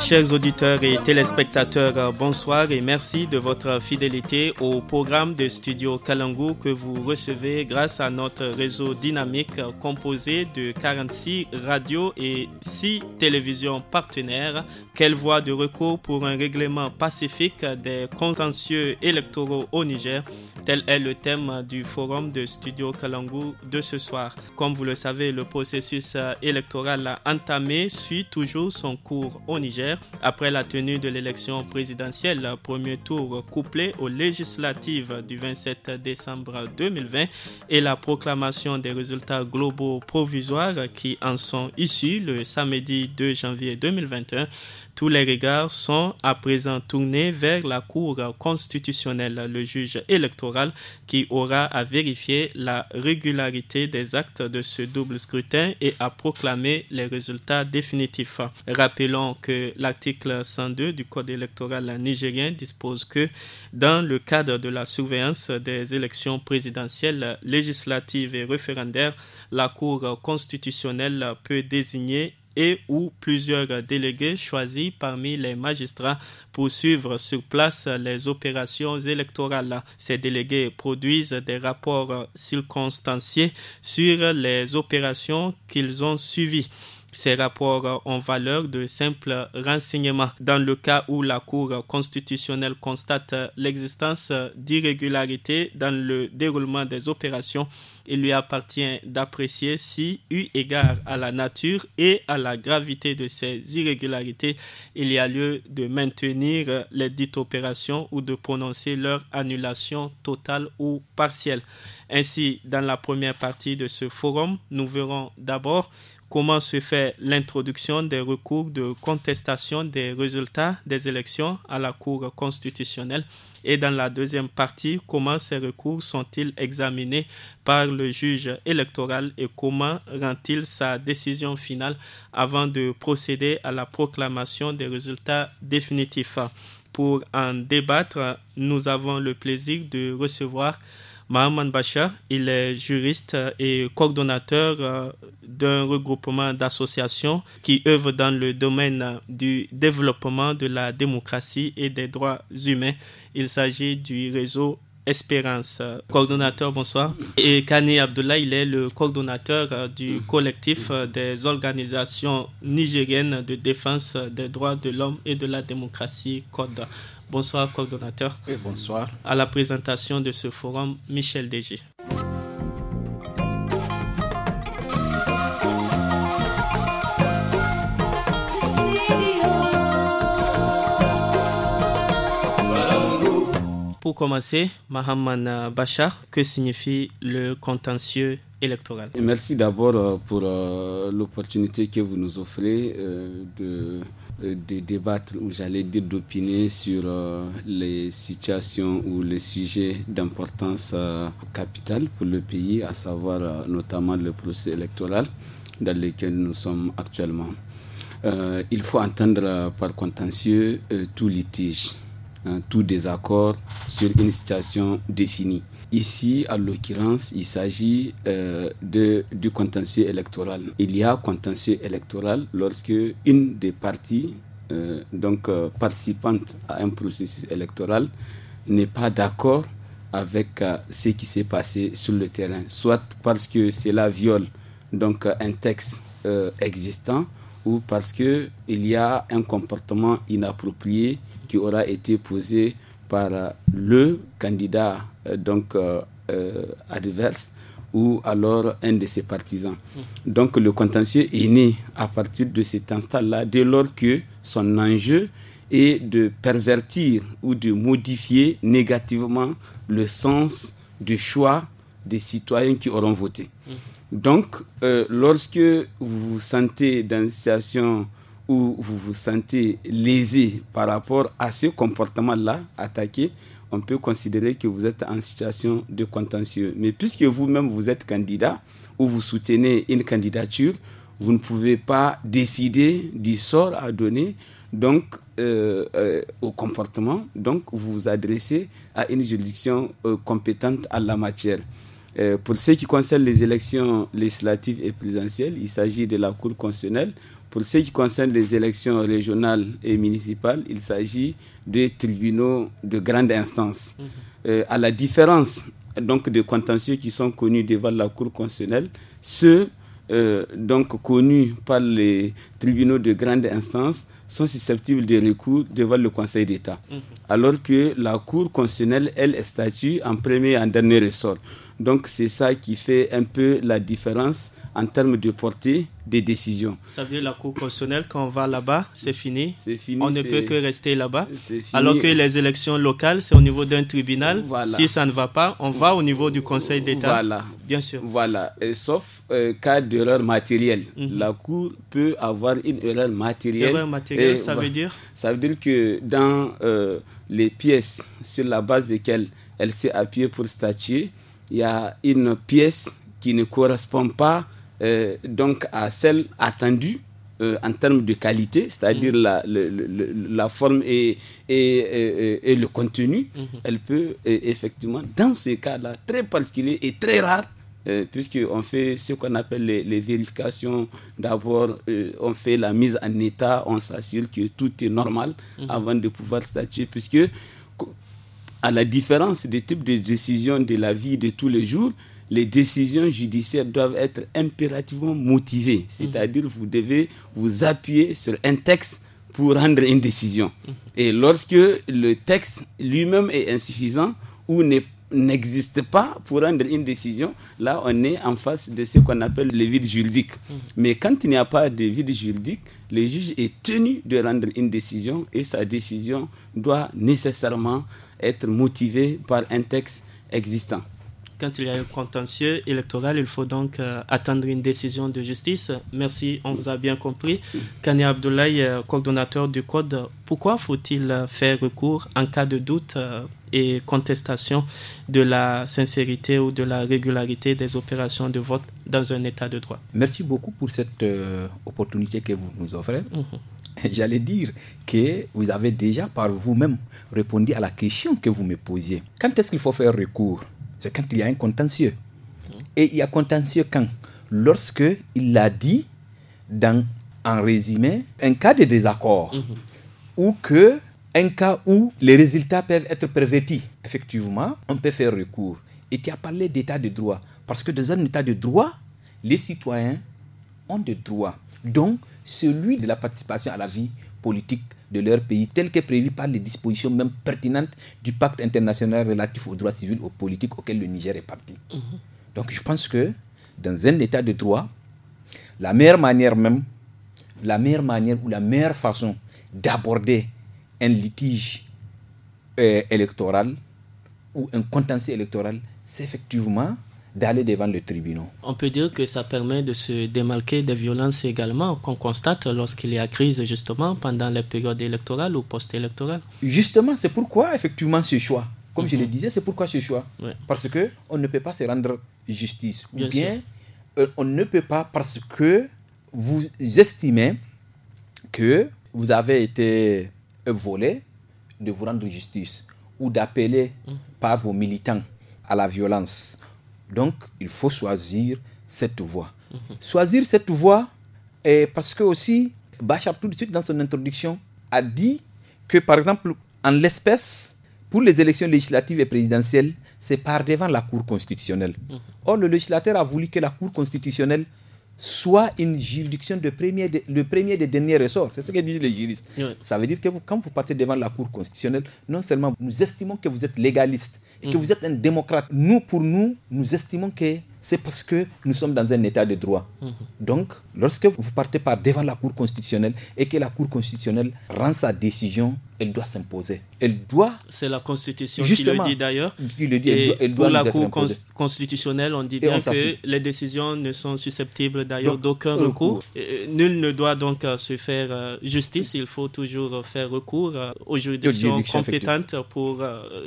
Chers auditeurs et téléspectateurs, euh, bonsoir et merci de votre fidélité au programme de Studio Kalangu que vous recevez grâce à notre réseau dynamique composé de 46 radios et 6 télévisions partenaires. Quelle voie de recours pour un règlement pacifique des contentieux électoraux au Niger Tel est le thème du forum de Studio Kalangu de ce soir. Comme vous le savez, le processus euh, électoral entamé suit toujours son cours au Niger après la tenue de l'élection présidentielle premier tour couplé aux législatives du 27 décembre 2020 et la proclamation des résultats globaux provisoires qui en sont issus le samedi 2 janvier 2021, tous les regards sont à présent tournés vers la Cour constitutionnelle, le juge électoral, qui aura à vérifier la régularité des actes de ce double scrutin et à proclamer les résultats définitifs. Rappelons que l'article 102 du Code électoral nigérien dispose que dans le cadre de la surveillance des élections présidentielles, législatives et référendaires, la Cour constitutionnelle peut désigner et ou plusieurs délégués choisis parmi les magistrats pour suivre sur place les opérations électorales. Ces délégués produisent des rapports circonstanciés sur les opérations qu'ils ont suivies. Ces rapports euh, ont valeur de simples renseignements. Dans le cas où la Cour constitutionnelle constate euh, l'existence euh, d'irrégularités dans le déroulement des opérations, il lui appartient d'apprécier si, eu égard à la nature et à la gravité de ces irrégularités, il y a lieu de maintenir les dites opérations ou de prononcer leur annulation totale ou partielle. Ainsi, dans la première partie de ce forum, nous verrons d'abord comment se fait l'introduction des recours de contestation des résultats des élections à la Cour constitutionnelle et dans la deuxième partie, comment ces recours sont-ils examinés par le juge électoral et comment rend-il sa décision finale avant de procéder à la proclamation des résultats définitifs. Pour en débattre, nous avons le plaisir de recevoir Mahaman Bachar, il est juriste euh, et coordonnateur euh, d'un regroupement d'associations qui œuvre dans le domaine euh, du développement de la démocratie et des droits humains. Il s'agit du réseau Espérance. Coordonnateur, bonsoir. Et Kani Abdullah, il est le coordonnateur du collectif des organisations nigériennes de défense des droits de l'homme et de la démocratie, CODE. Bonsoir, coordonnateur. Et bonsoir. À la présentation de ce forum, Michel Dégé. Pour commencer, Mahamana Bachar, que signifie le contentieux électoral Merci d'abord euh, pour euh, l'opportunité que vous nous offrez euh, de euh, de débattre ou j'allais dire d'opiner sur euh, les situations ou les sujets d'importance euh, capitale pour le pays, à savoir notamment le procès électoral dans lequel nous sommes actuellement. il faut entendre par contentieux tout litige, hein, tout désaccord sur une situation définie. Ici, à l'occurrence, il s'agit euh, de, du contentieux électoral. Il y a contentieux électoral lorsque une des parties, euh, donc euh, participante à un processus électoral, n'est pas d'accord avec euh, ce qui s'est passé sur le terrain, soit parce que cela viole donc un texte existant ou parce que il y a un comportement inapproprié qui aura été posé par le candidat euh, donc euh, euh, adverse ou alors un de ses partisans. Mm. Donc le contentieux est né à partir de cet instant-là, dès lors que son enjeu est de pervertir ou de modifier négativement le sens du choix des citoyens qui auront voté. Mm. Donc, lorsque vous vous sentez dans une situation où vous vous sentez lésé par rapport à ce comportement-là, attaqué, on peut considérer que vous êtes en situation de contentieux. Mais puisque vous-même, vous êtes candidat ou vous soutenez une candidature, vous ne pouvez pas décider du sort à donner donc, euh, euh, au comportement. Donc, vous vous adressez à une juridiction euh, compétente à la matière. pour ce qui concerne les élections législatives et présidentielles, il s'agit de la Cour constitutionnelle pour ce qui concerne les élections régionales et municipales, il s'agit de tribunaux de grande instance. Mhm. Euh, à la différence donc des contentieux qui sont connus devant la Cour constitutionnelle, ceux euh, donc connus par les tribunaux de grande instance sont susceptibles de recours devant le Conseil d'État. Mhm. Alors que la Cour constitutionnelle, elle, est statue en premier et en dernier ressort. Donc c'est ça qui fait un peu la différence en termes de portée des décisions. Ça veut dire la Cour constitutionnelle, quand on va là-bas, c'est fini. fini. On ne peut que rester là-bas. Alors que les élections locales, c'est au niveau d'un tribunal. Si ça ne va pas, on va au niveau du Conseil d'État. Voilà. Bien sûr. Voilà. sauf euh, cas d'erreur matérielle. Mhm. La Cour peut avoir une erreur matérielle. Erreur matérielle, ça veut dire Ça veut dire que dans euh, les pièces sur la base desquelles elle s'est appuyée pour statuer, il y a une pièce qui ne correspond pas euh, donc à celle attendue euh, en termes de qualité, c'est-à-dire mm. la, la, forme et, et, le contenu, mm-hmm. elle peut euh, effectivement, dans ces cas-là, très particulier et très rare, puisque puisqu'on fait ce qu'on appelle les, vérifications. D'abord, on fait la mise en état, on s'assure que tout est normal mm-hmm. avant de pouvoir statuer, puisque à la différence des types de décisions de la vie de tous les jours, les décisions judiciaires doivent être impérativement motivées. Mhm. C'est-à-dire vous devez vous appuyer sur un texte pour rendre une décision. Mhm. Et lorsque le texte lui-même est insuffisant ou n'existe pas pour rendre une décision, là on est en face de ce qu'on appelle le vide juridique. Mhm. Mais quand il n'y a pas de vide juridique, le juge est tenu de rendre une décision et sa décision doit nécessairement être motivée par un texte existant quand il y a un contentieux électoral, il faut donc euh, attendre une décision de justice. Merci, on vous a bien compris. Kanye Abdoulaye, euh, coordonnateur du Code, pourquoi faut-il euh, faire recours en cas de doute et contestation de la sincérité ou de la régularité des opérations de vote dans un état de droit Merci beaucoup pour cette opportunité que vous nous offrez. Mmh. j'allais dire que vous avez déjà par vous-même répondu à la question que vous me posiez. Quand est-ce qu'il faut faire recours c'est quand il y a un contentieux. Et il y a contentieux quand Lorsque il a dit, dans, en résumé, un cas de désaccord, mhm. ou que un cas où les résultats peuvent être pervertis. Effectivement, on peut faire recours. Et tu as parlé d'état de droit. Parce que dans un état de droit, les citoyens ont des droits. Donc, celui de la participation à la vie politique de leur pays, tel que prévu par les dispositions même pertinentes du pacte international relatif aux droits civils et politiques auxquels le Niger est parti. Mhm. Donc je pense que dans un état de droit, la meilleure manière même, la meilleure manière ou la meilleure façon d'aborder un litige euh, électoral ou un contentieux électoral, c'est effectivement d'aller devant le tribunal. On peut dire que ça permet de se démarquer des violences également qu'on constate lorsqu'il y a crise justement pendant les périodes électorales ou post-électorales. Justement, c'est pourquoi effectivement ce choix. Comme je le mhm. disais, c'est pourquoi ce choix. Parce que on ne peut pas se rendre justice. Ou bien, euh, on ne peut pas parce que vous estimez que vous avez été volé de vous rendre justice ou d'appeler mhm. par vos militants à la violence donc, il faut choisir cette voie. Choisir cette voie, est parce que aussi, Bachar tout de suite dans son introduction a dit que, par exemple, en l'espèce, pour les élections législatives et présidentielles, c'est par devant la Cour constitutionnelle. Mmh. Or, le législateur a voulu que la Cour constitutionnelle soit une juridiction de premier, le premier des derniers ressorts. C'est ce que disent les juristes. Ça veut dire que quand vous partez devant la Cour constitutionnelle, non seulement nous estimons que vous êtes légaliste et que mm. vous êtes un démocrate, nous, pour nous, nous estimons que c'est parce que nous sommes dans un état de droit. Mm-hmm. Donc, lorsque vous partez par devant la Cour constitutionnelle et que la Cour constitutionnelle rend sa décision elle doit s'imposer. Elle doit. C'est la Constitution qui le dit d'ailleurs. Il pour la Cour constitutionnelle, on dit bien que les décisions ne sont susceptibles d'ailleurs d'aucun recours. Euh, nul ne doit donc euh, se faire euh, justice. Il faut toujours faire recours aux juridictions compétentes pour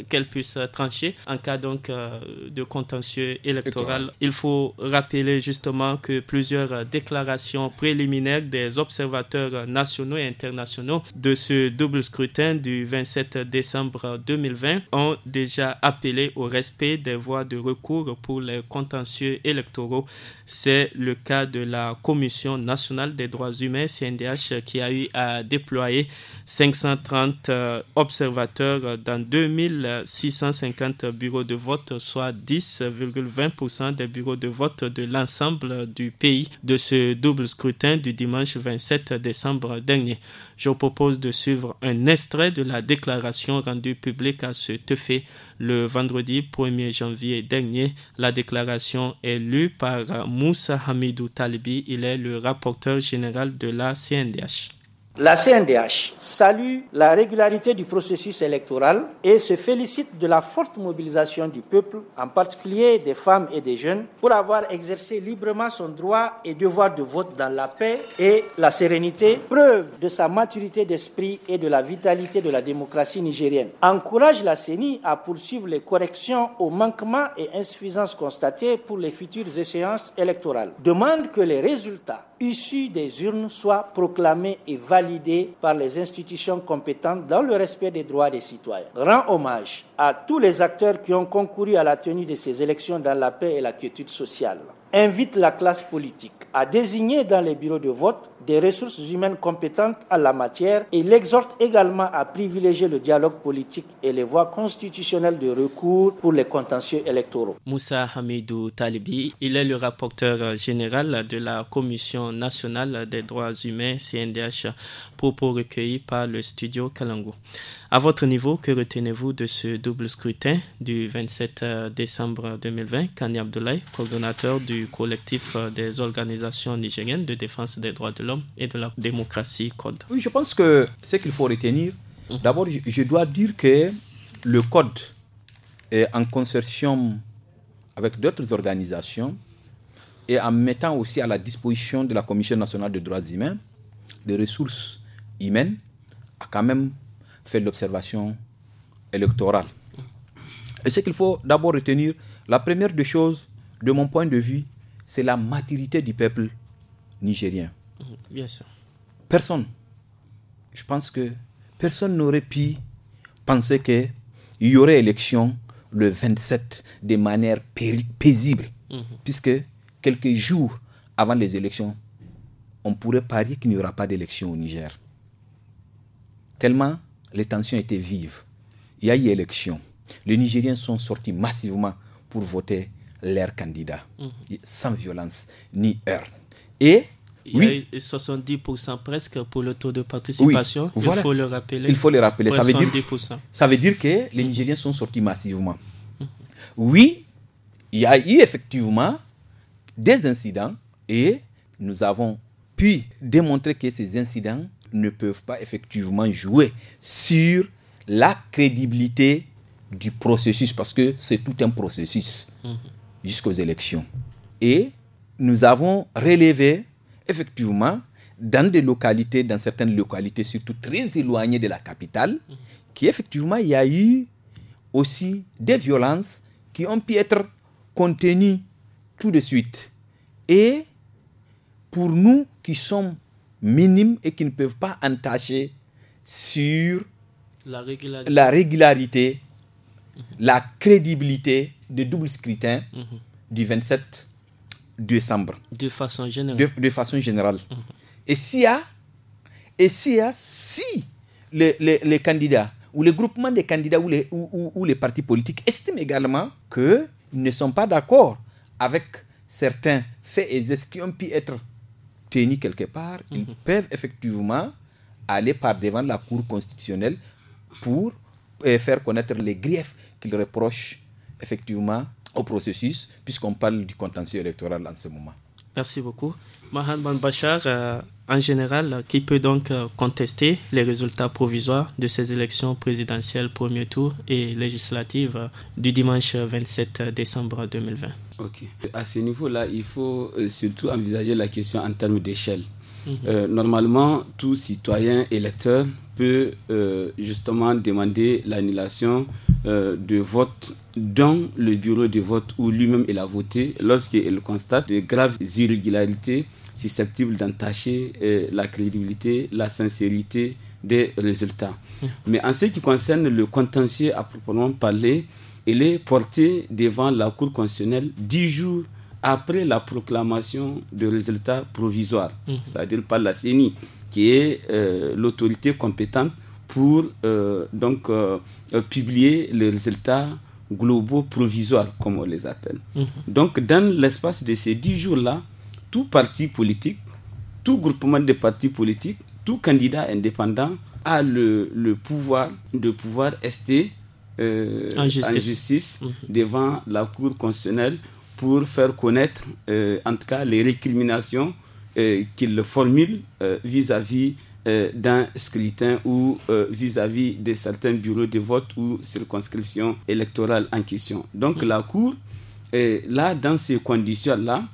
qu'elles puissent trancher en cas donc de contentieux électoral. Il faut rappeler justement que plusieurs déclarations préliminaires des observateurs nationaux et internationaux de ce double scrutin du 27 décembre 2020 ont déjà appelé au respect des voies de recours pour les contentieux électoraux. C'est le cas de la Commission nationale des droits humains, CNDH, qui a eu à déployer 530 euh, observateurs dans 2650 bureaux de vote, soit 10,20% des bureaux de vote de l'ensemble du pays de ce double scrutin du dimanche 27 décembre dernier. Je propose de suivre un instant de la déclaration rendue publique à ce effet le vendredi 1er janvier dernier. La déclaration est lue par Moussa Hamidou Talibi. Il est le rapporteur général de la CNDH. La CNDH salue la régularité du processus électoral et se félicite de la forte mobilisation du peuple, en particulier des femmes et des jeunes, pour avoir exercé librement son droit et devoir de vote dans la paix et la sérénité, preuve de sa maturité d'esprit et de la vitalité de la démocratie nigérienne. Encourage la CENI à poursuivre les corrections aux manquements et insuffisances constatées pour les futures échéances électorales. Demande que les résultats issus des urnes soit proclamée et validée par les institutions compétentes dans le respect des droits des citoyens. Rend hommage à tous les acteurs qui ont concouru à la tenue de ces élections dans la paix et la quiétude sociale. Invite la classe politique à désigner dans les bureaux de vote des ressources humaines compétentes à la matière et l'exhorte également à privilégier le dialogue politique et les voies constitutionnelles de recours pour les contentieux électoraux. Moussa Hamidou Talibi, il est le rapporteur euh, général de la Commission nationale des droits humains, CNDH, propos recueillis par le studio Kalango. À votre niveau, que retenez-vous de ce double scrutin du 27 euh, décembre 2020 Kani Abdoulaye, coordonnateur du collectif euh, des organisations nigériennes de défense des droits de l'homme et de la démocratie Code. Oui, je pense que ce qu'il faut retenir, hum. d'abord, je dois dire que le Code est en consortium avec d'autres organisations et en mettant aussi à la disposition de la Commission nationale des droits humains des ressources humaines, a quand même fait l'observation électorale. Et ce qu'il faut d'abord retenir, la première des choses, de mon point de vue, c'est la maturité du peuple nigérien. Bien sûr. Personne, je pense que personne n'aurait pu penser qu'il y aurait élection le 27 de manière paisible, mhm. puisque quelques jours avant les élections, on pourrait parier qu'il n'y aura pas d'élection au Niger. Tellement les tensions étaient vives. Il y a eu élection. Les Nigériens sont sortis massivement pour voter leur candidat, mhm. sans violence ni heurts. Et il oui. y 70% presque pour le taux de participation. Il faut le rappeler. Il faut le rappeler. Ça veut, dire, ça veut dire que les Nigériens sont sortis massivement. Mhm. Oui, il y a eu effectivement des incidents et nous avons pu démontrer que ces incidents ne peuvent pas effectivement jouer sur la crédibilité du processus, parce que c'est tout un processus mhm. jusqu'aux élections. Et nous avons relevé, effectivement, dans des localités, dans certaines localités, surtout très éloignées de la capitale, mhm. qu'effectivement, il y a eu aussi des violences qui ont pu être contenues tout de suite. Et pour nous qui sommes minimes et qui ne peuvent pas entacher sur la régularité, la, crédibilité de double scrutin mhm. du 27 décembre. De façon générale. De, façon générale. Mhm. Et s'il y a, et s'il y a, si les, candidats ou les groupements des candidats ou les, ou, les partis politiques estiment également qu'ils ne sont pas d'accord avec certains faits et gestes qui ont pu être tenus quelque part, ils mhm. peuvent effectivement aller par devant la Cour constitutionnelle pour euh, faire connaître les griefs qu'ils reprochent effectivement au processus, puisqu'on parle du contentieux électoral en ce moment. Merci beaucoup. Mahan Bachar, euh, en général euh, qui peut donc euh, contester les résultats provisoires de ces élections présidentielles premier tour et législatives euh, du dimanche 27 décembre 2020. Ok. À ce niveau-là, il faut surtout envisager la question en termes d'échelle. Mhm. normalement, tout citoyen électeur peut justement demander l'annulation de vote dans le bureau de vote où lui-même il a voté lorsqu'il constate de graves irrégularités susceptible d'entacher euh, la crédibilité, la sincérité des résultats. Mais en ce qui concerne le contentieux à proprement parler, il est porté devant la Cour constitutionnelle dix jours après la proclamation de résultats provisoires, mmh. c'est-à-dire par la CENI, qui est euh, l'autorité compétente pour euh, donc publier les résultats globaux provisoires, comme on les appelle. Mmh. Donc, dans l'espace de ces dix jours-là, tout parti politique, tout groupement de partis politiques, tout candidat indépendant a le, pouvoir de pouvoir rester euh, en justice, mhm. devant la Cour constitutionnelle pour faire connaître, euh, en tout cas, les récriminations euh, qu'il formule vis-à-vis d'un scrutin ou vis-à-vis de certains bureaux de vote ou circonscriptions électorales en question. Donc mhm. la Cour, là, dans ces conditions-là,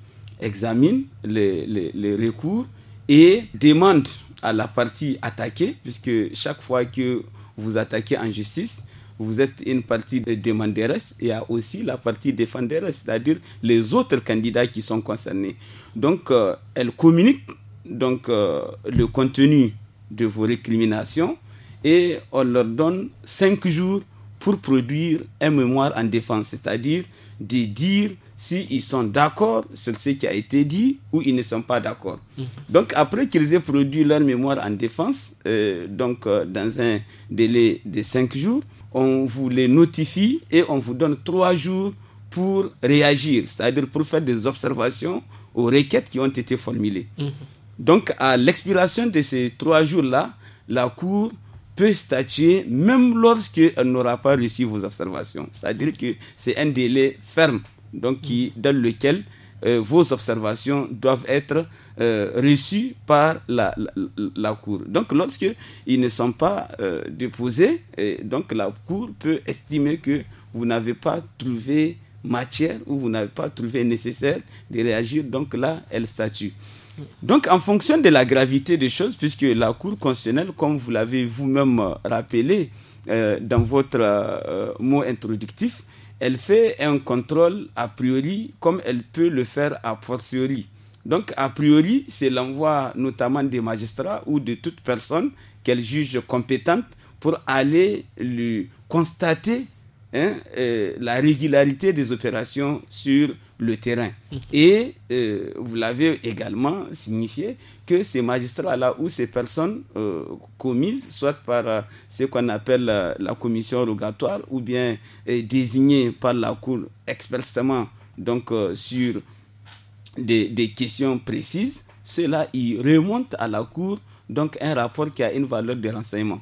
examine les, les, recours et demande à la partie attaquée, puisque chaque fois que vous attaquez en justice, vous êtes une partie demanderesse et il y a aussi la partie défenderesse, c'est-à-dire les autres candidats qui sont concernés. Donc, euh, elle communique donc, euh, le contenu de vos récriminations et on leur donne cinq jours pour produire un mémoire en défense, c'est-à-dire de dire s'ils sont d'accord sur ce qui a été dit ou ils ne sont pas d'accord. Mhm. Donc après qu'ils aient produit leur mémoire en défense, euh, donc euh, dans un délai de cinq jours, on vous les notifie et on vous donne trois jours pour réagir, c'est-à-dire pour faire des observations aux requêtes qui ont été formulées. Mhm. Donc à l'expiration de ces trois jours-là, la Cour peut statuer même lorsqu'elle n'aura pas reçu vos observations. C'est-à-dire que c'est un délai ferme, donc qui, dans lequel euh, vos observations doivent être euh, reçues par la, Cour. Donc, lorsqu'ils ne sont pas euh, déposés, et donc la Cour peut estimer que vous n'avez pas trouvé matière ou vous n'avez pas trouvé nécessaire de réagir. Donc là, elle statue. Donc, en fonction de la gravité des choses, puisque la Cour constitutionnelle, comme vous l'avez vous-même euh, rappelé euh, dans votre euh, mot introductif, elle fait un contrôle a priori comme elle peut le faire a fortiori. Donc, a priori, c'est l'envoi notamment des magistrats ou de toute personne qu'elle juge compétente pour aller lui constater Hein, euh, la régularité des opérations sur le terrain. Et euh, vous l'avez également signifié que ces magistrats-là ou ces personnes euh, commises, soit par ce qu'on appelle la commission rogatoire ou bien désignées par la Cour expressément donc, sur des, questions précises, cela, il remonte à la Cour donc un rapport qui a une valeur de renseignement.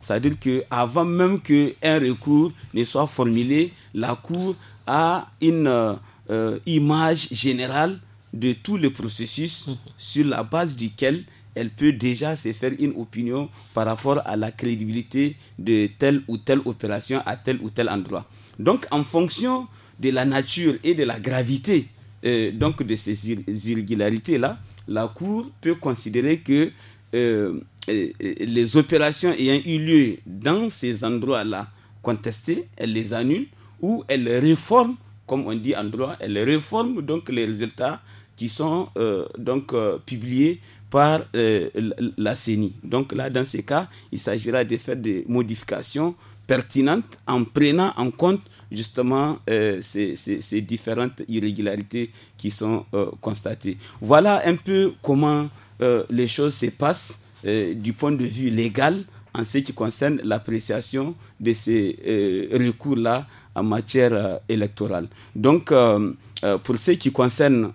C'est-à-dire qu'avant même qu'un recours ne soit formulé, la Cour a une euh, image générale de tout le processus mhm. sur la base duquel elle peut déjà se faire une opinion par rapport à la crédibilité de telle ou telle opération à tel ou tel endroit. Donc en fonction de la nature et de la gravité euh, donc de ces irrégularités-là, la Cour peut considérer que euh, les opérations ayant eu lieu dans ces endroits-là contestés, elles les annulent ou elles réforment, réforme, comme on dit en droit, elle réforme donc les résultats qui sont euh, donc euh, publiés par euh, la CENI. Donc là, dans ces cas, il s'agira de faire des modifications pertinentes en prenant en compte justement ces, différentes irrégularités qui sont constatées. Voilà un peu comment les choses se passent euh, du point de vue légal en ce qui concerne l'appréciation de ces euh, recours-là en matière euh, électorale. Donc, pour ce qui concerne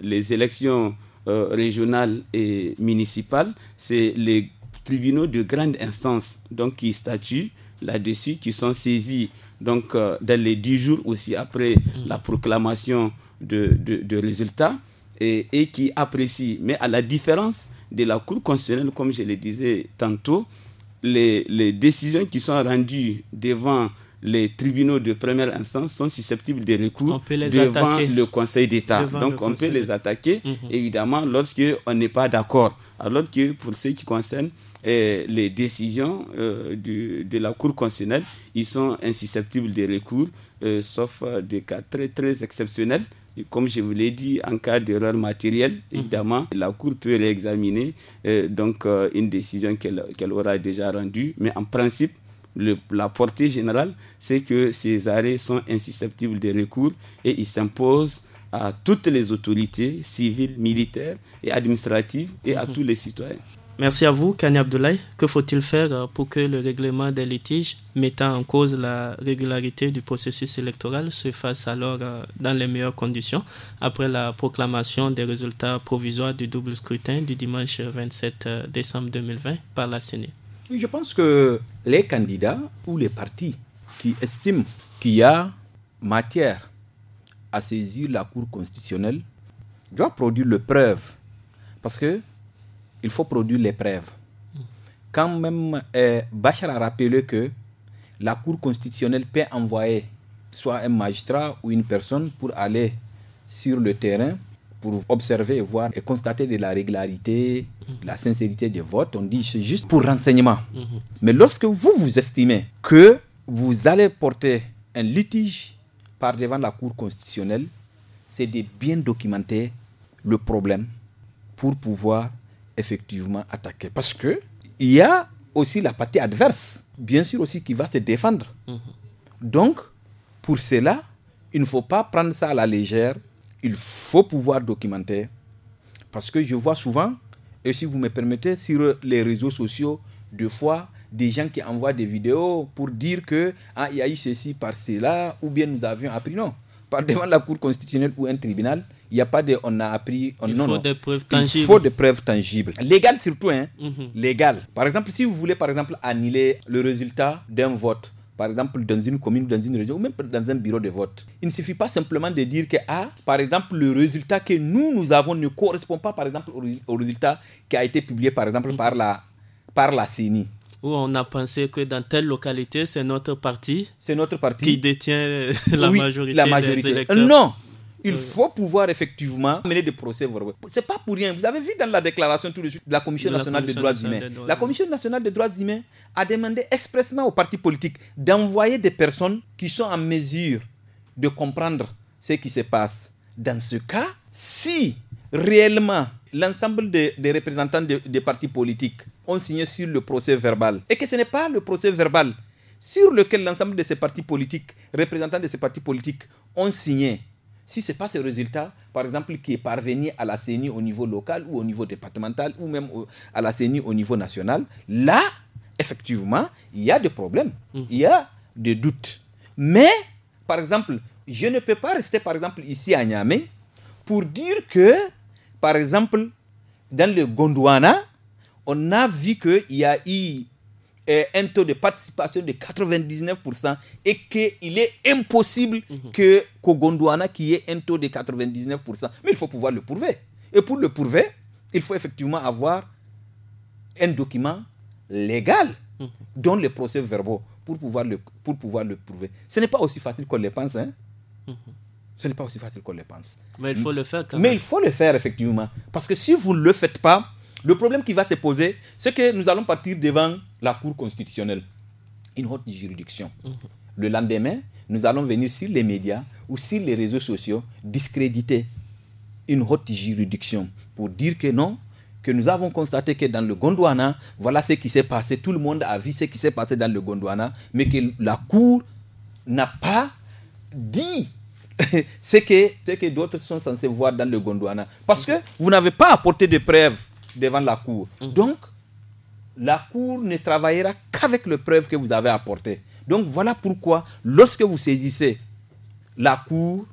les élections régionales et municipales, c'est les tribunaux de grande instance donc, qui statuent là-dessus, qui sont saisis donc, dans les 10 jours aussi après mmh. la proclamation de, de, de résultats et, qui apprécie. Mais à la différence de la Cour constitutionnelle, comme je le disais tantôt, les, décisions qui sont rendues devant les tribunaux de première instance sont susceptibles de recours devant le Conseil d'État. Donc on peut les attaquer, mm-hmm. évidemment, lorsque on n'est pas d'accord. Alors que pour ce qui concerne eh, les décisions euh, de la Cour constitutionnelle, ils sont insusceptibles de recours, euh, sauf euh, des cas très très exceptionnels comme je vous l'ai dit, en cas d'erreur matérielle, mhm. évidemment, la Cour peut réexaminer euh, donc euh, une décision qu'elle aura déjà rendue. Mais en principe, la portée générale, c'est que ces arrêts sont insusceptibles de recours et ils s'imposent à toutes les autorités civiles, militaires et administratives et à mhm. tous les citoyens. Merci à vous, Kanye Abdoulaye. Que faut-il faire euh, pour que le règlement des litiges mettant en cause la régularité du processus électoral se fasse alors euh, dans les meilleures conditions après la proclamation des résultats provisoires du double scrutin du dimanche 27 euh, décembre 2020 par la CENI Je pense que les candidats ou les partis qui estiment qu'il y a matière à saisir la Cour constitutionnelle doivent produire le preuve parce que il faut produire les preuves. Quand même, euh, Bachar a rappelé que la Cour constitutionnelle peut envoyer soit un magistrat ou une personne pour aller sur le terrain pour observer, voir et constater de la régularité, mhm. la sincérité des votes. On dit c'est juste pour renseignement. Mhm. Mais lorsque vous vous estimez que vous allez porter un litige par devant la Cour constitutionnelle, c'est de bien documenter le problème pour pouvoir effectivement attaqué Parce que il y a aussi la partie adverse, bien sûr aussi, qui va se défendre. Mhm. Donc, pour cela, il ne faut pas prendre ça à la légère. Il faut pouvoir documenter. Parce que je vois souvent, et si vous me permettez, sur les réseaux sociaux, deux fois, des gens qui envoient des vidéos pour dire que ah, il y a eu ceci par cela, ou bien nous avions appris. Non, par devant la Cour constitutionnelle ou un tribunal, il y a pas de. On a appris. il faut des preuves tangibles. Il faut des preuves tangibles. Légales surtout, hein. Mhm. Par exemple, si vous voulez, par exemple, annuler le résultat d'un vote, par exemple dans une commune, dans une région ou même dans un bureau de vote. Il ne suffit pas simplement de dire que, ah, par exemple, le résultat que nous, nous avons ne correspond pas, par exemple, au résultat qui a été publié, par exemple, par la, par la CENI. Où on a pensé que dans telle localité, c'est notre parti, c'est notre parti qui détient la majorité, la majorité. Des électeurs. Non, il euh. faut pouvoir effectivement mener des procès verbaux. C'est pas pour rien. Vous avez vu dans la déclaration de la Commission nationale des droits humains. la Commission nationale des droits humains a demandé expressément aux partis politiques d'envoyer des personnes qui sont en mesure de comprendre ce qui se passe. Dans ce cas, si réellement l'ensemble des, représentants des partis politiques ont signé sur le procès verbal et que ce n'est pas le procès verbal sur lequel l'ensemble de ces partis politiques, représentants de ces partis politiques, ont signé si ce n'est pas ce résultat, par exemple, qui est parvenu à la CENI au niveau local ou au niveau départemental ou même à la CENI au niveau national, là, effectivement, il y a des problèmes, mm. il y a des doutes. Mais, par exemple, je ne peux pas rester, par exemple, ici à Niamey pour dire que, par exemple, dans le Gondwana, on a vu qu'il y a eu un taux de participation de 99% et qu'il est impossible qu'au mhm. que il qui ait un taux de 99%. Mais il faut pouvoir le prouver. Et pour le prouver, il faut effectivement avoir un document légal mhm. dont les procès verbaux pour pouvoir le, pour pouvoir le prouver. Ce n'est pas aussi facile qu'on le pense. Hein? Mhm. Ce n'est pas aussi facile qu'on le pense. Mais il faut le faire quand Mais il faut le faire effectivement. Parce que si vous ne le faites pas, le problème qui va se poser, c'est que nous allons partir devant la Cour constitutionnelle, une haute juridiction. Mhm. Le lendemain, nous allons venir sur les médias ou sur les réseaux sociaux discréditer une haute juridiction pour dire que non, que nous avons constaté que dans le Gondwana, voilà ce qui s'est passé, tout le monde a vu ce qui s'est passé dans le Gondwana, mais que la Cour n'a pas dit ce que, ce que d'autres sont censés voir dans le Gondwana. Parce que vous n'avez pas apporté de preuves devant la Cour. Mhm. Donc, la Cour ne travaillera qu'avec les preuves que vous avez apportées. Donc voilà pourquoi, lorsque vous saisissez la Cour,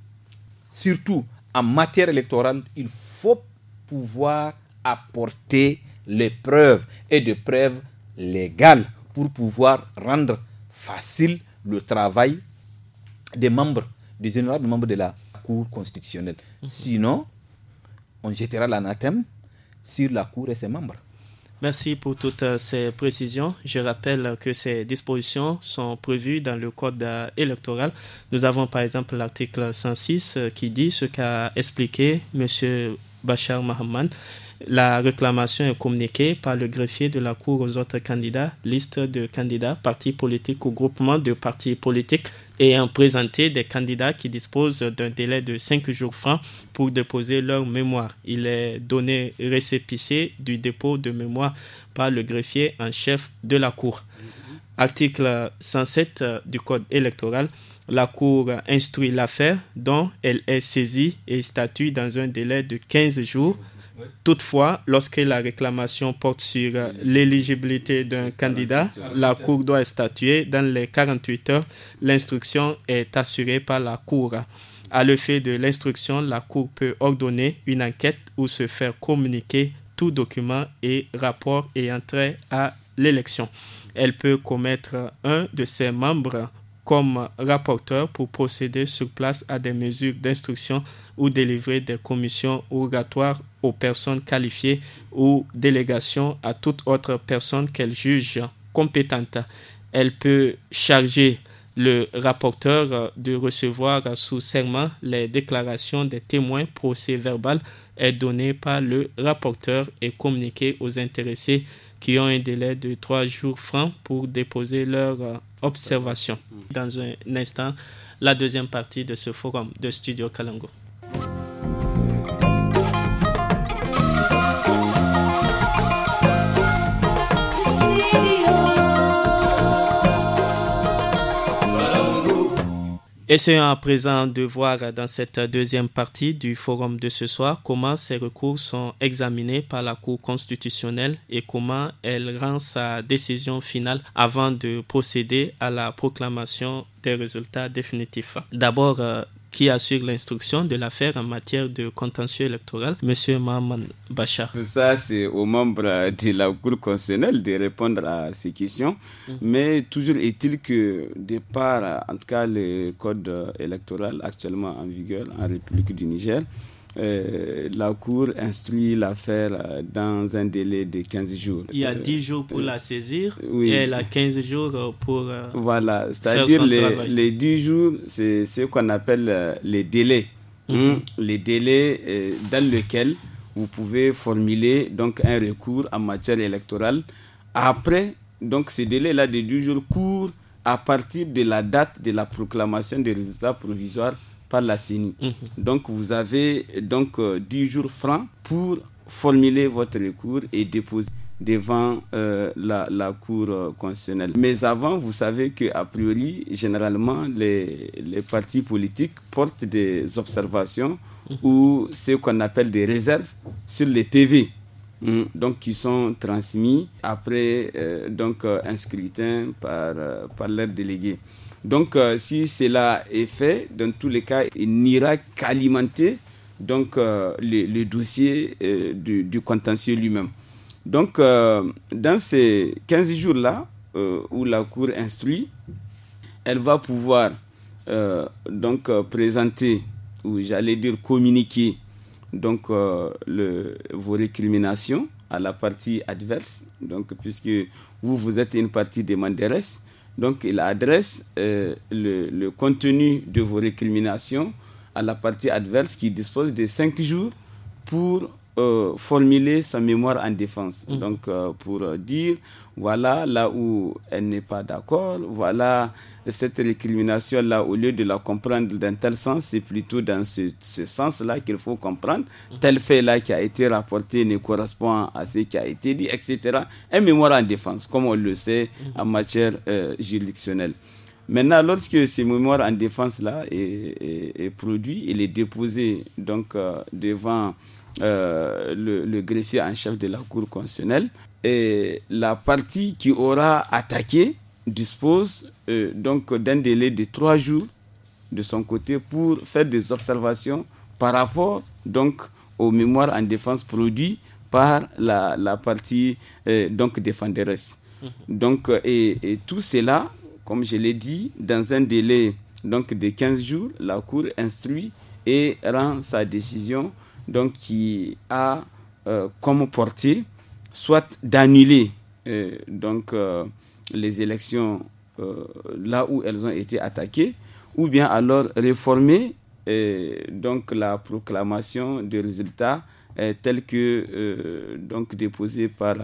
surtout en matière électorale, il faut pouvoir apporter les preuves et des preuves légales pour pouvoir rendre facile le travail des membres, des honorables membres de la Cour constitutionnelle. Mhm. Sinon, on jettera l'anathème sur la Cour et ses membres. Merci pour toutes euh, ces précisions. Je rappelle que ces dispositions sont prévues dans le code euh, électoral. Nous avons par exemple l'article 106 euh, qui dit ce qu'a expliqué M. Bachar Mahamman la réclamation est communiquée par le greffier de la Cour aux autres candidats, liste de candidats, partis politiques ou groupements de partis politiques ayant présenté des candidats qui disposent d'un délai de 5 jours francs pour déposer leur mémoire. Il est donné récépissé du dépôt de mémoire par le greffier en chef de la Cour. Article 107 du Code électoral. La Cour instruit l'affaire dont elle est saisie et statue dans un délai de 15 jours Toutefois, lorsque la réclamation porte sur euh, l'éligibilité d'un candidat, la Cour doit statuer dans les 48 heures. L'instruction est assurée par la Cour. À l'effet de l'instruction, la Cour peut ordonner une enquête ou se faire communiquer tout document et rapport ayant trait à l'élection. Elle peut commettre un de ses membres comme rapporteur pour procéder sur place à des mesures d'instruction ou délivrer des commissions obligatoires aux personnes qualifiées ou délégations à toute autre personne qu'elle juge compétente. Elle peut charger le rapporteur de recevoir sous serment les déclarations des témoins procès-verbal est donné par le rapporteur et communiqué aux intéressés qui ont un délai de trois jours francs pour déposer leur observations. Dans un instant, la deuxième partie de ce forum de Studio Kalango. Essayons à présent de voir dans cette deuxième partie du forum de ce soir comment ces recours sont examinés par la Cour constitutionnelle et comment elle rend sa décision finale avant de procéder à la proclamation des résultats définitifs. D'abord, euh, qui assure l'instruction de l'affaire en matière de contentieux électoral, M. Mahaman Bachar. Ça, c'est aux membres de la Cour constitutionnelle de répondre à ces questions. Mm-hmm. Mais toujours est-il que, de par, en tout cas, le code électoral actuellement en vigueur en République du Niger, euh, la Cour instruit l'affaire euh, dans un délai de 15 jours. Il y a 10 euh, jours pour la saisir oui. et elle a 15 jours pour. voilà, c'est-à-dire les, 10 jours, c'est ce qu'on appelle les délais. Mhm. Hmm? Les délais dans lesquels vous pouvez formuler donc un recours en matière électorale. Après, donc ces délais là de 10 jours court à partir de la date de la proclamation des résultats provisoires par la CENI. Mhm. Donc vous avez donc 10 euh, jours francs pour formuler votre recours et déposer devant euh, la, la, Cour euh, constitutionnelle. Mais avant, vous savez qu'a priori, généralement, les, les, partis politiques portent des observations mhm. ou ce qu'on appelle des réserves sur les PV. Hein, donc qui sont transmis après donc un scrutin par, par leur délégué. Donc euh, si cela est fait, dans tous les cas, il n'ira qu'alimenter euh, le, dossier euh, du, contentieux lui-même. Donc dans ces 15 jours-là, où la Cour instruit, elle va pouvoir présenter, ou j'allais dire communiquer, vos récriminations à la partie adverse, puisque vous, vous êtes une partie demanderesse, donc il adresse euh, le, le, contenu de vos récriminations à la partie adverse qui dispose de cinq jours pour euh, formuler sa mémoire en défense. Mhm. Donc, euh, pour dire, voilà là où elle n'est pas d'accord, voilà cette récrimination-là, au lieu de la comprendre dans tel sens, c'est plutôt dans ce, sens-là qu'il faut comprendre. Mhm. Tel fait-là qui a été rapporté ne correspond à ce qui a été dit, etc. Un mémoire en défense, comme on le sait mhm. en matière euh, juridictionnelle. Maintenant, lorsque ce mémoire en défense-là est, produit, il est déposé donc devant euh, le, greffier en chef de la Cour constitutionnelle. Et la partie qui aura attaqué dispose euh, donc d'un délai de trois jours de son côté pour faire des observations par rapport donc aux mémoires en défense produits par la, partie euh, donc défenderesse. Mmh. Donc, et, et, tout cela, comme je l'ai dit, dans un délai donc de 15 jours, la Cour instruit et rend sa décision donc qui a euh, comme portée soit d'annuler euh, donc euh, les élections là où elles ont été attaquées, ou bien alors réformer donc la proclamation des résultats tels que donc déposés par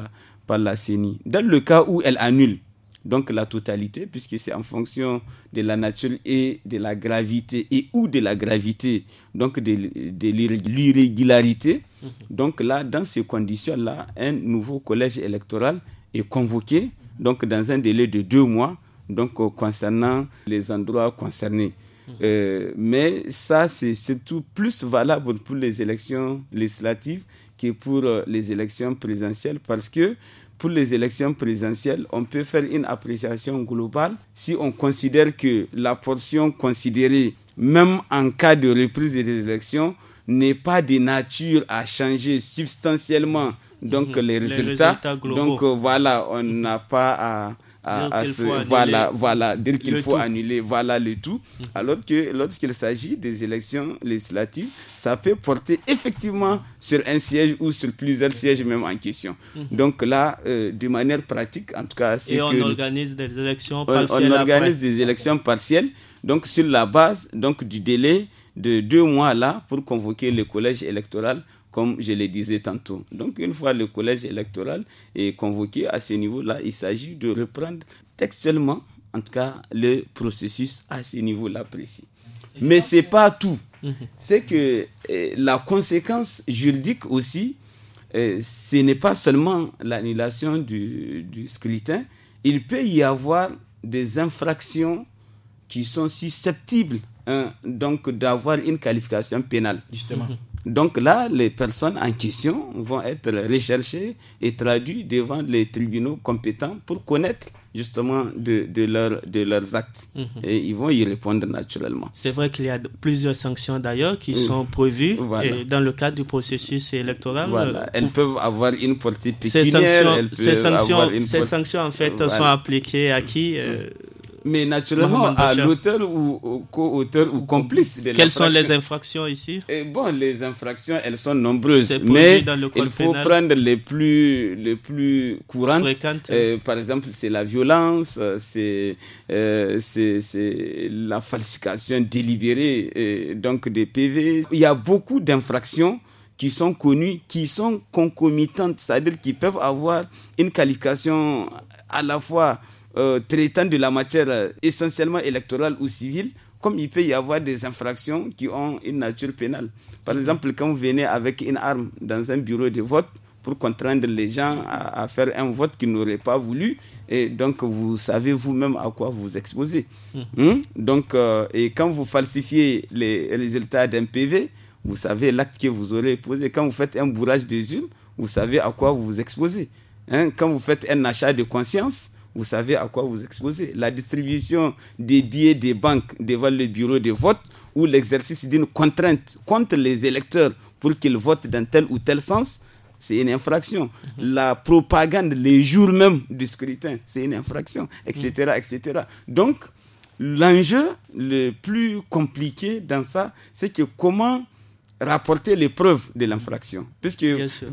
par la CENI. Dans le cas où elle annule donc la totalité, puisque c'est en fonction de la nature et de la gravité, et ou de la gravité, donc de, l'irrégularité. Mhm. Donc là, dans ces conditions-là, un nouveau collège électoral est convoqué, donc dans un délai de deux mois, donc euh, concernant les endroits concernés. Mhm. Euh, mais ça, c'est surtout plus valable pour les élections législatives que pour euh, les élections présidentielles parce que pour les élections présidentielles, on peut faire une appréciation globale si on considère que la portion considérée, même en cas de reprise des élections, n'est pas de nature à changer substantiellement donc mhm. les résultats. donc euh, voilà, on n'a pas à à, voilà, voilà, dire qu'il faut annuler, voilà le tout. Alors que lorsqu'il s'agit des élections législatives, ça peut porter effectivement sur un siège ou sur plusieurs sièges même en question. Mhm. Donc là, euh, de manière pratique, en tout cas, c'est on organise des élections partielles. On, organise des élections partielles, donc sur la base donc du délai de deux mois là pour convoquer le collège électoral comme je le disais tantôt. Donc une fois le collège électoral est convoqué à ce niveau-là, il s'agit de reprendre textuellement, en tout cas, le processus à ce niveau-là précis. Mais ce n'est pas tout. Mhm. C'est que euh, la conséquence juridique aussi, euh, ce n'est pas seulement l'annulation du, du scrutin, il peut y avoir des infractions qui sont susceptibles donc d'avoir une qualification pénale. Justement. Mm-hmm. Donc là, les personnes en question vont être recherchées et traduites devant les tribunaux compétents pour connaître justement de, de leurs actes. Mm-hmm. Et ils vont y répondre naturellement. C'est vrai qu'il y a plusieurs sanctions d'ailleurs qui mm. sont prévues dans le cadre du processus électoral. Euh, elles peuvent avoir une portée pécuniaire. Ces sanctions, ces sanctions, ces sanctions en fait sont appliquées à qui euh, mm mais naturellement à l'auteur ou co-auteur ou complice de Quelles sont les infractions ici eh Bon, les infractions, elles sont nombreuses, mais il faut prendre les plus, les plus courantes. Euh, par exemple, c'est la violence, euh, euh, c'est la falsification délibérée donc des PV. Il y a beaucoup d'infractions qui sont connues, qui sont concomitantes, c'est-à-dire qui peuvent avoir une qualification à la fois euh, traitant de la matière essentiellement électorale ou civile, comme il peut y avoir des infractions qui ont une nature pénale. Par exemple, quand vous venez avec une arme dans un bureau de vote pour contraindre les gens à, faire un vote qu'ils n'auraient pas voulu, et donc vous savez vous-même à quoi vous exposez. Hmm. Hmm? Donc, euh, et quand vous falsifiez les résultats d'un PV, vous savez l'acte que vous aurez posé. Quand vous faites un bourrage des urnes, vous savez à quoi vous vous exposez. Hein? Quand vous faites un achat de conscience, vous savez à quoi vous exposez. La distribution des billets des banques devant le bureau de vote ou l'exercice d'une contrainte contre les électeurs pour qu'ils votent dans tel ou tel sens, c'est une infraction. Mhm. La propagande les jours même du scrutin, c'est une infraction, etc. Mhm. etc. Donc, l'enjeu le plus compliqué dans ça, c'est que comment rapporter les preuves de l'infraction. Puisque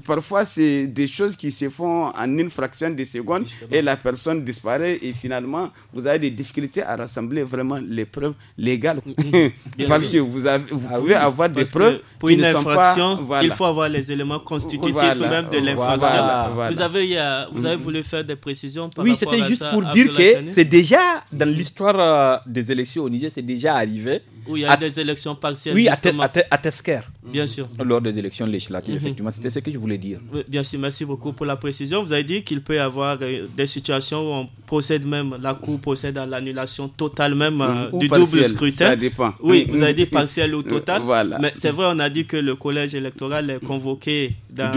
parfois, c'est des choses qui se font en une fraction de seconde et la personne disparaît et finalement, vous avez des difficultés à rassembler vraiment les preuves légales. Mm, mm. Parce que vous, avez, ah pouvez avoir des preuves pour une infraction, Il faut avoir les éléments constitutifs même de l'infraction. Euh, vous, avez, vous mm. avez voulu faire des précisions Oui, c'était juste pour dire que c'est déjà dans l'histoire euh, des élections au Niger, c'est déjà arrivé où il y a des élections partielles. Oui, à, Tesker. Bien sûr. Mm-hmm. Lors des élections législatives, mm-hmm. effectivement. C'était ce que je voulais dire. Bien sûr, merci beaucoup pour la précision. Vous avez dit qu'il peut y avoir euh, des situations où on procède même, la Cour procède à l'annulation totale même euh, mm-hmm. du double scrutin. Ça dépend. Oui, vous avez dit partiel ou euh, total. Voilà. Mais c'est vrai, on a dit que le collège électoral est convoqué dans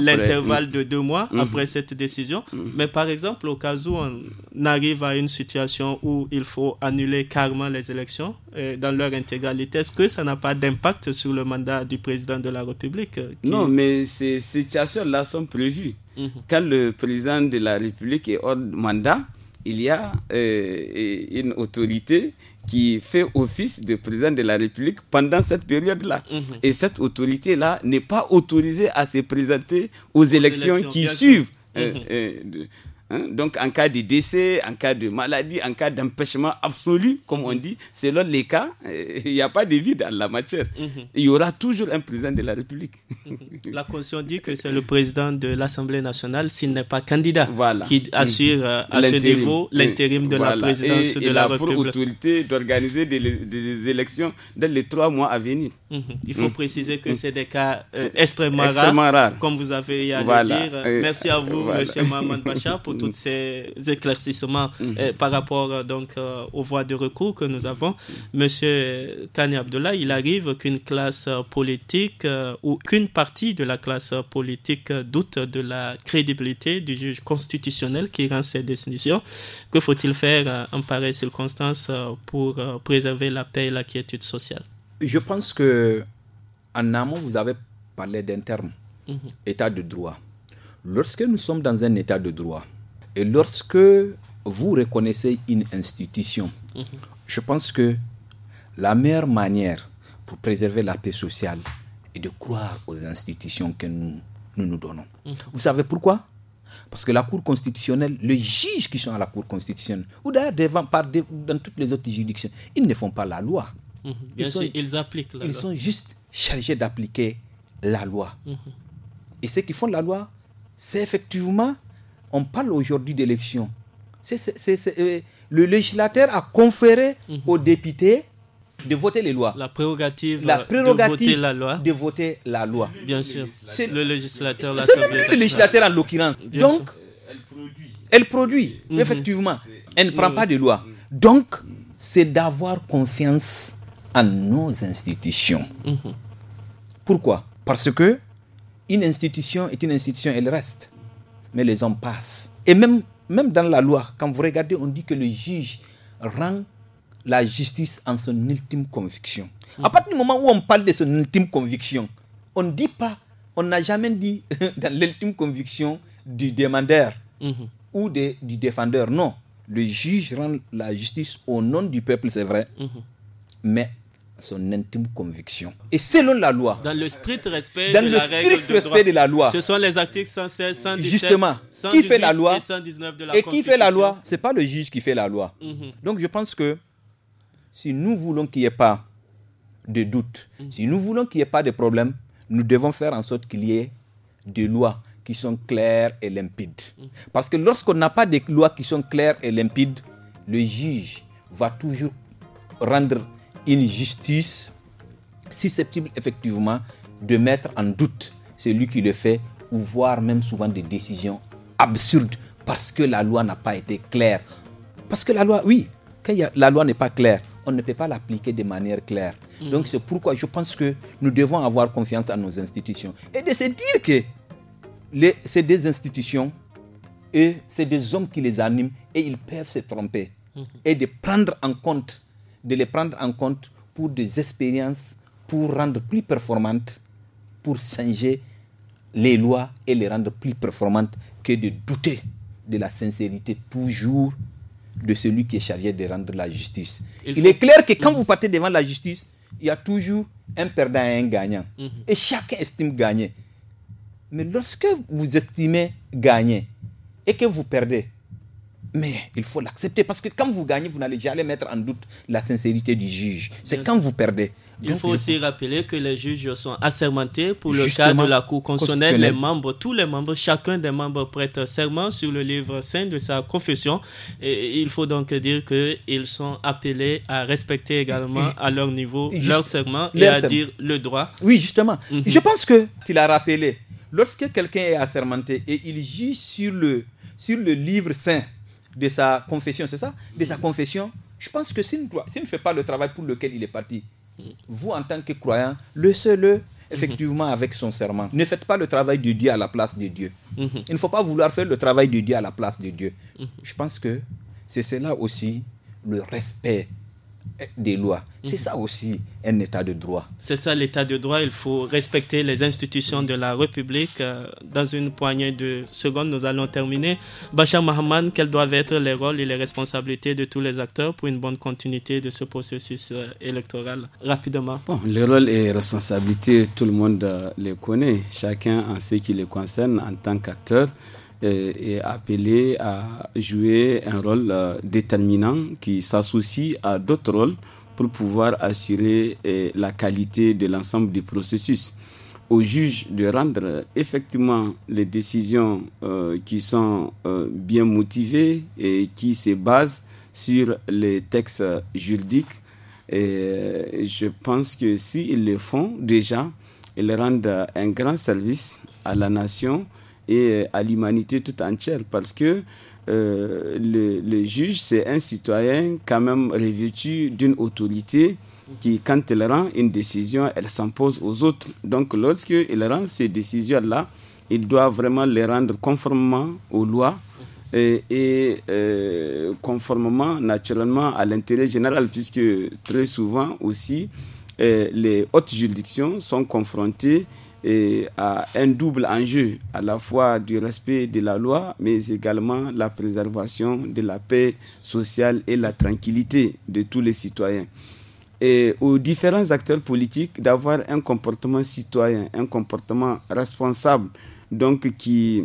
l'intervalle de deux mois après cette décision. Mais par exemple, au cas où on arrive à une situation où il faut annuler carrément les élections, dans leur intégralité, est-ce que ça n'a pas d'impact sur le mandat du président de la République euh, Non, mais ces situations-là sont prévues. Mhm. Quand le président de la République est hors mandat, il y a euh, une autorité qui fait office de président de la République pendant cette période-là. Mhm. Et cette autorité-là n'est pas autorisée à se présenter aux, élections, qui suivent. Euh, mhm. Hein? Donc, en cas de décès, en cas de maladie, en cas d'empêchement absolu, comme on mhm. dit, selon les cas, il n'y a pas de vide en la matière. Mhm. Il y aura toujours un président de la République. Mhm. La Constitution dit que c'est le président de l'Assemblée nationale, s'il n'est pas candidat, qui assure euh, à ce niveau l'intérim de la présidence de la, République. pour autorité d'organiser des, élections dans les trois mois à venir. Il faut préciser que c'est des cas euh, extrêmement, rares, comme vous avez à dire. Merci à vous, M. Mohamed Bachar, pour tous mm. ces éclaircissements mm. euh, par rapport euh, donc, euh, aux voies de recours que nous avons. Mm. Monsieur Tani Abdullah, il arrive qu'une classe politique ou qu'une partie de la classe politique doute de la crédibilité du juge constitutionnel qui rend ses décisions. Que faut-il faire en pareille circonstance pour préserver la paix et la quiétude sociale Je pense que en amont, vous avez parlé d'un terme, mm-hmm. état de droit. Lorsque nous sommes dans un état de droit, et lorsque vous reconnaissez une institution, je pense que la meilleure manière pour préserver la paix sociale est de croire aux institutions que nous nous, donnons. Mhm. Vous savez pourquoi Parce que la Cour constitutionnelle, les juges qui sont à la Cour constitutionnelle, ou dans toutes les autres juridictions, ils ne font pas la loi. Mhm. Ils, ils, appliquent la ils sont juste chargés d'appliquer la loi. Mhm. Et ceux qui font la loi, c'est effectivement on parle aujourd'hui d'élection. Euh, le législateur a conféré mhm. aux députés de voter les lois. La prérogative, de voter la loi. De voter la loi. Bien sûr. C'est le législateur. C'est le législateur en l'occurrence. Donc, elle produit. Elle mhm. produit, effectivement. Elle ne prend mhm. pas de loi. Donc, c'est d'avoir confiance en nos institutions. Pourquoi Parce que une institution est une institution, elle reste mais les hommes passent. Et même, même dans la loi, quand vous regardez, on dit que le juge rend la justice en son ultime conviction. À mhm. partir du moment où on parle de son ultime conviction, on ne dit pas, on n'a jamais dit dans l'ultime conviction du demandeur mhm. ou de, du défendeur. Non, le juge rend la justice au nom du peuple, c'est vrai, mhm. mais son intime conviction. Et selon la loi. Dans le strict respect, de, la respect de la loi. Ce sont les articles 116, 117, Justement, 118 qui fait la loi et qui fait la loi Ce n'est pas le juge qui fait la loi. Mhm. Donc je pense que si nous voulons qu'il n'y ait pas de doute, mhm. si nous voulons qu'il n'y ait pas de problème, nous devons faire en sorte qu'il y ait des lois qui sont claires et limpides. Mhm. Parce que lorsqu'on n'a pas Des lois qui sont claires et limpides, le juge va toujours rendre une justice susceptible effectivement de mettre en doute celui qui le fait, ou voir même souvent des décisions absurdes parce que la loi n'a pas été claire. Parce que la loi, oui, quand la loi n'est pas claire, on ne peut pas l'appliquer de manière claire. Mm. Donc c'est pourquoi je pense que nous devons avoir confiance à nos institutions et de se dire que c'est des institutions et c'est des hommes qui les animent et ils peuvent se tromper. Mm-hmm. Et de prendre en compte de les prendre en compte pour des expériences, pour rendre plus performantes, pour changer les lois et les rendre plus performantes que de douter de la sincérité toujours de celui qui est chargé de rendre la justice. Il, est clair que quand mm. vous partez devant la justice, il y a toujours un perdant et un gagnant. Mm-hmm. Et chacun estime gagner. Mais lorsque vous estimez gagner et que vous perdez, mais il faut l'accepter parce que quand vous gagnez, vous n'allez jamais mettre en doute la sincérité du juge. C'est quand vous perdez. Il faut aussi rappeler que les juges sont assermentés pour le cas de la Cour constitutionnelle. Les membres, tous les membres, chacun des membres prête serment sur le livre saint de sa confession. Et il faut donc dire qu'ils sont appelés à respecter également à leur niveau leur serment et à dire le droit. Oui, justement. Mhm. Je pense que tu l'as rappelé. Lorsque quelqu'un est assermenté et il juge sur le, sur le livre saint, de sa confession, c'est ça De sa mm. confession. Je pense que s'il ne, fait pas le travail pour lequel il est parti, mm. vous en tant que croyant, le seul effectivement mm-hmm. avec son serment. Ne faites pas le travail de Dieu à la place de Dieu. Mm-hmm. Il ne faut pas vouloir faire le travail de Dieu à la place de Dieu. Mm-hmm. Je pense que c'est cela aussi le respect des lois. C'est ça aussi un état de droit. C'est ça l'état de droit. Il faut respecter les institutions de la République. Euh, dans une poignée de secondes, nous allons terminer. Bachar Mahaman, quels doivent être les rôles et les responsabilités de tous les acteurs pour une bonne continuité de ce processus euh, électoral Rapidement. Bon, les rôles et responsabilités, tout le monde euh, les connaît. Chacun en ce qui les concerne en tant qu'acteur est appelé à jouer un rôle euh, déterminant qui s'associe à d'autres rôles pour pouvoir assurer la qualité de l'ensemble du processus. Au juge de rendre effectivement les décisions euh, qui sont euh, bien motivées et qui se basent sur les textes juridiques. Et je pense que s'ils le font déjà, ils rendent un grand service à la nation et euh, à l'humanité toute entière parce que euh, le, juge, c'est un citoyen quand même revêtu d'une autorité qui, quand elle rend une décision, elle s'impose aux autres. Donc, lorsqu'il rend ces décisions-là, il doit vraiment les rendre conformément aux lois et, euh, conformément naturellement à l'intérêt général, puisque très souvent aussi, les hautes juridictions sont confrontées et à un double enjeu, à la fois du respect de la loi, mais également la préservation de la paix sociale et la tranquillité de tous les citoyens. Et aux différents acteurs politiques d'avoir un comportement citoyen, un comportement responsable, donc qui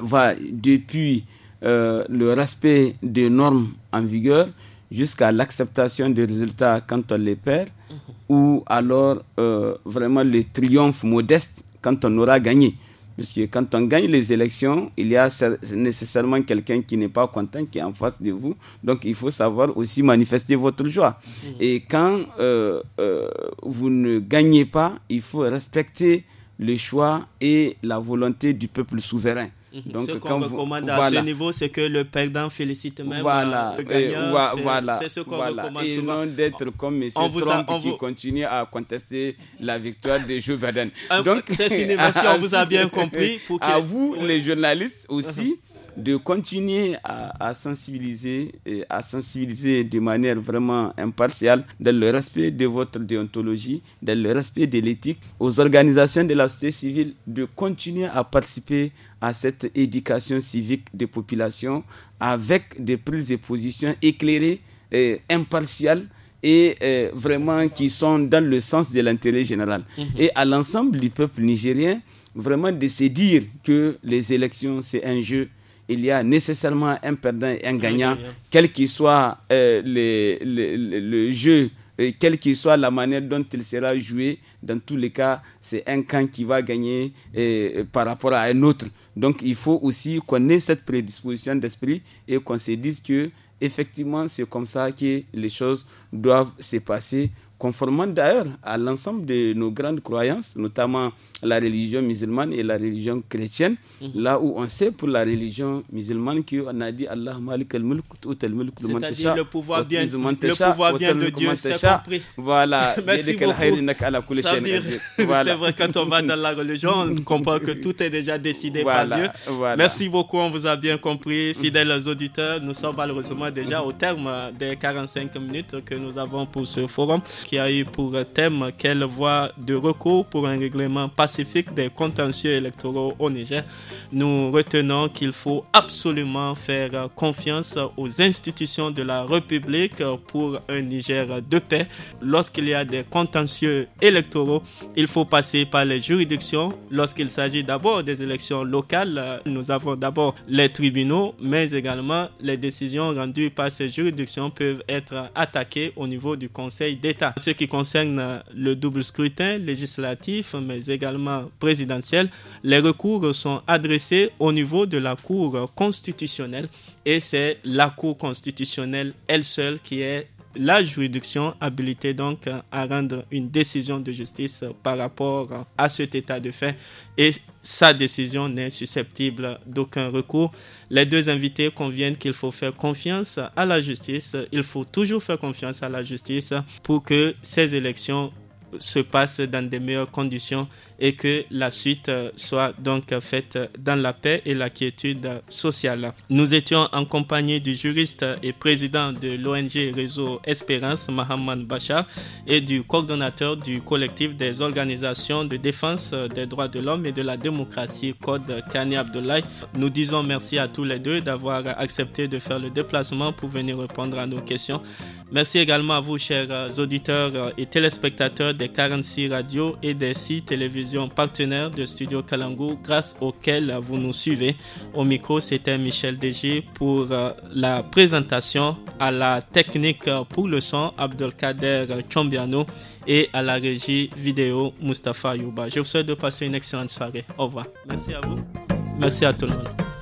va depuis euh, le respect des normes en vigueur jusqu'à l'acceptation des résultats quand on les perd, mhm. ou alors euh, vraiment le triomphe modeste quand on aura gagné. Parce que quand on gagne les élections, il y a nécessairement quelqu'un qui n'est pas content, qui est en face de vous. Donc il faut savoir aussi manifester votre joie. Mhm. Et quand euh, euh, vous ne gagnez pas, il faut respecter le choix et la volonté du peuple souverain. Mhm. Donc, Ce qu'on recommande voilà. à ce niveau, c'est que le perdant félicite même euh, voilà. le gagnant. voilà. C'est ce qu'on voilà. recommande Et souvent. non d'être comme M. Trump qui continue à contester la victoire de Joe Biden. Ah, Donc, cette innovation on vous a bien compris. Pour à vous, les journalistes aussi, uh-huh de continuer à, sensibiliser et à sensibiliser de manière vraiment impartiale dans le respect de votre déontologie, dans le respect de l'éthique, aux organisations de la société civile de continuer à participer à cette éducation civique des populations avec des prises de position éclairées et impartiales et vraiment qui sont dans le sens de l'intérêt général. Mhm. Et à l'ensemble du peuple nigérien, vraiment de se dire que les élections, c'est un jeu il y a nécessairement un perdant et un gagnant, quel qu'il soit euh, le, jeu, euh, quelle qu'il soit la manière dont il sera joué. Dans tous les cas, c'est un camp qui va gagner euh, par rapport à un autre. Donc il faut aussi qu'on ait cette prédisposition d'esprit et qu'on se dise que effectivement c'est comme ça que les choses doivent se passer conformant d'ailleurs à l'ensemble de nos grandes croyances, notamment la religion musulmane et la religion chrétienne, mhm. là où on sait pour la religion musulmane qu'on a dit Allah malik al mulk mulk le pouvoir bien de Dieu, c'est compris. Voilà, merci beaucoup. c'est vrai, quand on va dans la religion, on comprend que tout est déjà décidé par Dieu. Merci beaucoup, on vous a bien compris. Mhm. Fidèles auditeurs, nous sommes malheureusement déjà au terme des 45 minutes que nous avons pour ce forum qui a eu pour thème quelle voie de recours pour un règlement pacifique des contentieux électoraux au Niger. Nous retenons qu'il faut absolument faire confiance aux institutions de la République pour un Niger de paix. Lorsqu'il y a des contentieux électoraux, il faut passer par les juridictions. Lorsqu'il s'agit d'abord des élections locales, nous avons d'abord les tribunaux, mais également les décisions rendues par ces juridictions peuvent être attaquées au niveau du Conseil d'État ce qui concerne euh, le double scrutin législatif, mais également présidentiel, les recours sont adressés au niveau de la Cour constitutionnelle et c'est la Cour constitutionnelle elle seule qui est la juridiction habilitée donc à rendre une décision de justice par rapport à cet état de fait et sa décision n'est susceptible d'aucun recours. Les deux invités conviennent qu'il faut faire confiance à la justice. Il faut toujours faire confiance à la justice pour que ces élections se passent dans des meilleures conditions et que la suite euh, soit donc euh, faite dans la paix et la quiétude sociale. Nous étions en compagnie du juriste et président de l'ONG Réseau Espérance, Mahamad Bachar et du coordonnateur du collectif des organisations de défense des droits de l'homme et de la démocratie, Code Kani Abdoulaye. Nous disons merci à tous les deux d'avoir accepté de faire le déplacement pour venir répondre à nos questions. Merci également à vous, chers auditeurs et téléspectateurs des 46 radios et des 6 télévisions partenaire de Studio Kalangu grâce auquel vous nous suivez. Au micro, c'était Michel Dégé pour euh, la présentation à la technique pour le son Abdelkader Chombiano et à la régie vidéo Mustapha Yuba. Je vous souhaite de passer une excellente soirée. Au revoir. Merci à vous. Merci à tout le monde.